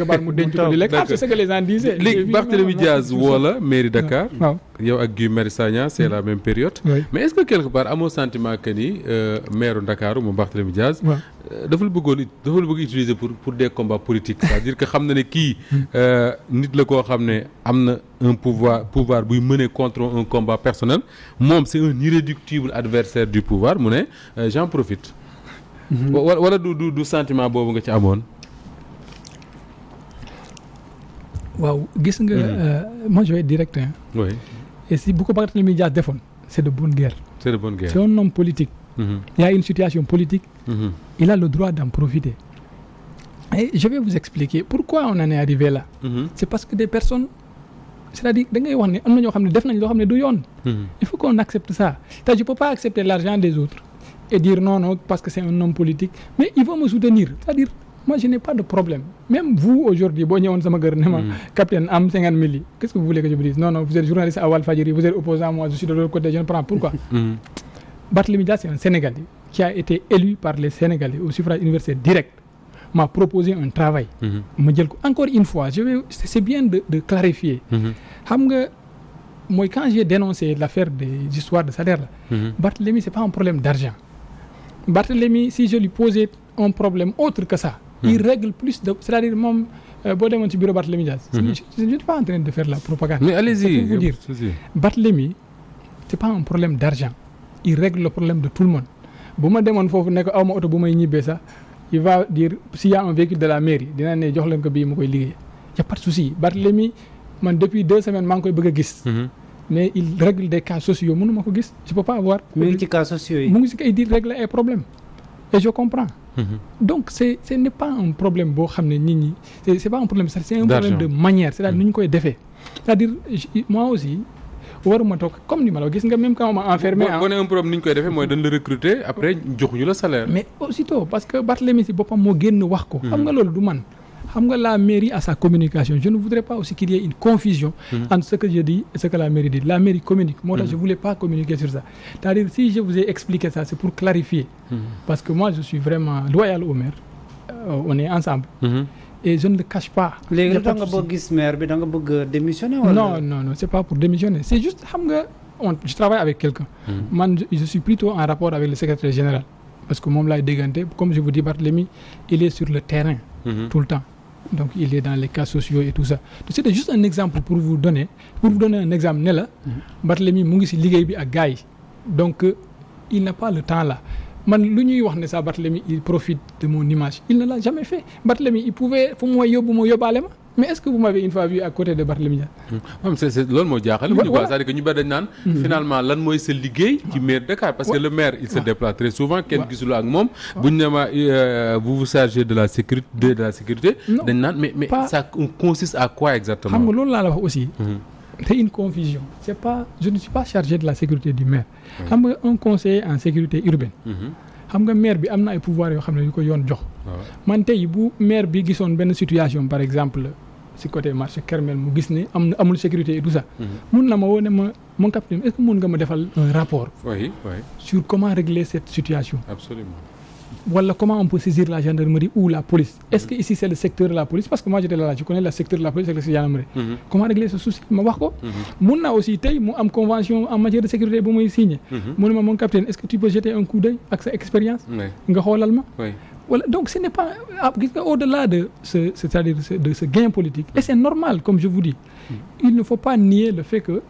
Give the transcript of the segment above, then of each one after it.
xibaar mu denc ko di lekk ah c'est ce que les mairie ah, Dakar. waaw ak Guy Marius Sagna c'est la mm. même période. mais est-ce que quelque part amoo sentiment que ni euh, maire Dakar moom Barthélemy Diaz. waaw euh, dafa la bëggoon dafa pour pour des combats politiques. c'est-à-dire que xam na ne kii mm. euh, nit la koo xam ne am na un pouvoir buy mënee contre un combat personnel moom c'est un irréductible adversaire du pouvoir mu ne j'en profite. Mm-hmm. wala du du du sentiment boobu nga ci amoon. waaw gis nga. moi mm-hmm. euh, je vais direct hein. oui et si bu ko Barthélémy Dias defoon c' est de bonne guerre. c' est de bonne guerre c' est un homme politique. Mm -hmm. il une situation politique. Mm-hmm. il a le droit d'en profiter. et je vais vous expliquer pourquoi on en est arrivé là. Mm parce que des personnes c' à dire da ngay wax ne am na ñoo xam ne def nañ loo xam ne du yoon. il faut qu'on accepte ça te je peux pas accepter l'argent des autres et dire non non parce que c' est un homme politique mais il faut mooy je n'ai pas de problème même vous aujourd'hui boo ñëwoon sama kër ne ma hmm. capitaine am cinquante mille yi qu'est-ce que vous voulez que je vous dise non non vous êtes journaliste à Walfadjri vous êtes opposant moi je de l'autre côté je ne prends pourquoi hmm. Barthélémy Dias un Sénégalais qui a été élu par les Sénégalais au suffrage universel direct m'a proposé un travail hmm. ma jël ko encore une fois je vais c'est bien de, de clarifier xam nga mooy quand j'ai dénoncé l'affaire des histoires de salaire la Barthélémy c'est pas problème d'argent Barthélémy si je lui posais Hmm. il règle plus de c'est-à-dire moom euh, boo demoon ci bureau Barthélemy Diaz. je ne hmm. suis pas en train de la propagande. mais allez-y pour vous dire Barthélemy c'est pas un problème de tout le monde bu ma demoon foofu nekk ko aw ma oto bu may ñibbee sax il va dire s'il y a de la mairie dina ne jox leen ko bii koy liggéey y a pas de souci Barthélemy man depuis deux semaines maa ngi koy bëgg a gis. Hmm. mais il règle des cas sociaux mënu ma ko gis je po pas avoir. mu ngi ci cas et je comprends. Mhm. donc c' est n' est pas un problème boo xam ne nit ñi c' est pas un problème c' est problème de manière c' est mhm. nu ñu koy defee c' est à dire moi aussi. waruma toog comme ni ma la gis nga même quand on m'a enfermé. boo boo nee problème ni ñu koy defee mooy dañ la recruter après joxuñu la salaire. mais aussitôt parce que Barthélemy si boppam moo génn wax ko. Mhm. xam nga loolu du man. xam nga la mairie a sa communication je ne voudrais pas aussi qu'il une confusion mm ce que je dis et ce que la mairie dit la mairie communique moo tax je mm-hmm. voulais pas communiquer sur ça c'est-à-dire si je vous ai expliqué ça c'est pour clarifier mm-hmm. parce que je suis vraiment loyal au euh, on est ensemble et je ne le cache pas. léegi da nga bëgg maire bi da nga démissionner wala. non c'est pas pour démissionner c'est juste xam nga on travaille avec quelqu'un man je suis plutôt en rapport terrain. Mm -hmm. tout donc il est dans les cas sociaux et tout ça c'était juste un exemple pour vous donner pour vous donner un exemple ne la mm-hmm. Barthélemy mu ngi si liggéey bi a gars donc euh, il n'a pas le temps la man lu ñuy wax ne ça Barthélemy il profite de mon image il ne l'a jamais fait Barthélemy il pouvait fu mu ma yóbbu ma yóbbaale ma mais est-ce que vous m'avez une fois vu à côté de Barthélémy Dias. moom hmm. c'est moo jaaxal. voilà ñu cest à hmm. hmm. finalement lan mooy sa liggéey. ci maire Dakar parce que le maire il se déplace très souvent. kenn gisuloo ak moom. bu ñu nee ma euh, de la sécurité de la sécurité. dañ naan mais mais ça consiste à quoi exactement. xam nga loolu laa la wax aussi. c'est une confusion c'est pas je ne suis pas chargé de la sécurité du maire. xam nga un conseiller en sécurité urbaine. xam nga maire bi am na ay pouvoir yoo xam ne yu ko yoon jox. Ah man tey bu maire bi gisoon benn situation par exemple. si côté marché Kermel mu gis ne am na amul sécurité et tout mhm. mun na ma woo ma mon capitaine est mun nga ma defal un rapport. oui oui sur comment régler cette situation. absolument. comment on peut saisir la gendarmerie ou la police mhm. est-ce que ici le secteur la police parce que moi j'étais là je connais secteur la police ak le gendarmerie mhm. comment régler ce souci ma wax ko mun naa aussi tey mu am convention en matière de sécurité bu muy signé mu ne ma mon capitaine est-ce que tu un ma voilà donc ce n'est pas ah, gis nga au-delà de ce cest à gain politique et c'est normal comme je vous dis mm. il ne faut pas nier le fait que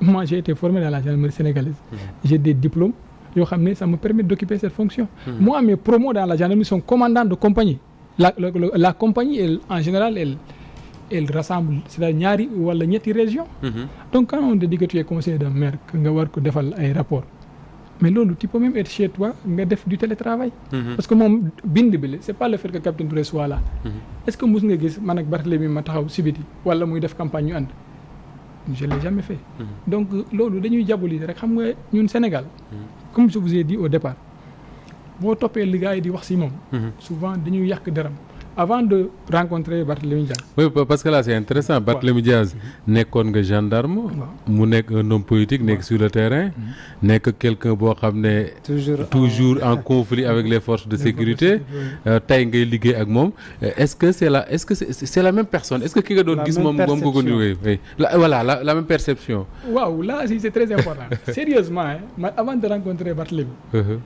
moi j'ai été formé dans la gendarmerie sénégalaise mm. j'ai des diplômes yoo xam ne ça me permet d'occuper cette fonction mm. moi mes promos dans la gendarmerie sont commandants de compagnie la la, compagnie en général elle elle rassemble c'est-à-dire ñaari wala ñetti région mm-hmm. donc quand on te dit que tu es maire que nga war ko defal ay rapport mais loolu tu peux même être chez toi nga def du télétravail. Mhm. parce que moom bind bi la c' est pas le fait que Capitaine Touré soit là. Mhm. est ce que mus nga gis man ak Barthélemy ma taxaw si biti muy def campagne ñu ànd je l'ai jamais fait. Mhm. donc loolu dañuy diaboliser rek xam nga ñun Sénégal. comme je vous di dit au départ boo toppee li yi di wax si moom. souvent dañuy yàq dërëm. avant de rencontrer Barthélémy Diaz. parce que là c'est intéressant Barthélémy Diaz nekkoon nga gendarme. mu nekk un homme politique nekk sur le terrain. Mm-hmm. nekk quelqu'un boo xam ne. toujours toujours en conflit avec les force de sécurité. Euh, tey ngay liggéey ak moom euh, est-ce c'est la est-ce que c'est la même personne est-ce que ki nga doon gis la la la même perception. waaw là aussi c'est très important sérieusement avant de rencontrer Barthélémy. Uh-huh.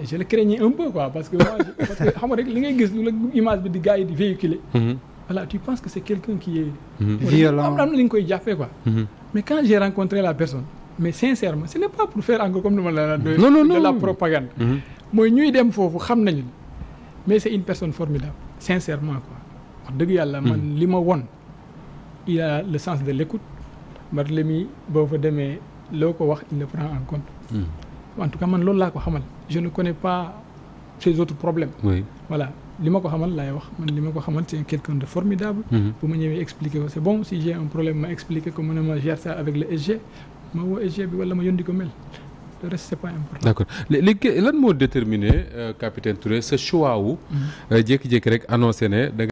et je le craignais un peu quoi parce que xam nga rek li ngay gis lu image bi di gars yi di véhiculer mhm. voilà tu penses que c'est quelqu'un qui est mhm. am na li nga koy jàppee quoi mhm. mais quand j'ai rencontré la personne mais sincèrement ce n'est pas pour faire encore comme ni ma la la propagande mooy ñuy dem foofu xam nañu mais c'est une personne formidable sincèrement quoi wax dëgg yàlla man li ma won il a le sens de l'écoute mi boo fa demee loo ko wax il le en tout cas man loolu laa ko xamal je ne connais pas ces autres problèmes. Oui. li ma ko xamal laay wax man li ma ko xamal c'est quelqu'un de formidable. Mm-hmm. bu ma ñëwee expliquer ko c'est bon si j'ai un problème ma expliquer ko mu ne ma gère ça avec le SG ma woo SG bi wala ma yónni ko mel. le reste c'est pas important. lan moo déterminé euh, capitaine Touré sa choix wu. Mm-hmm. Euh, jékki-jékki rek annoncé ne.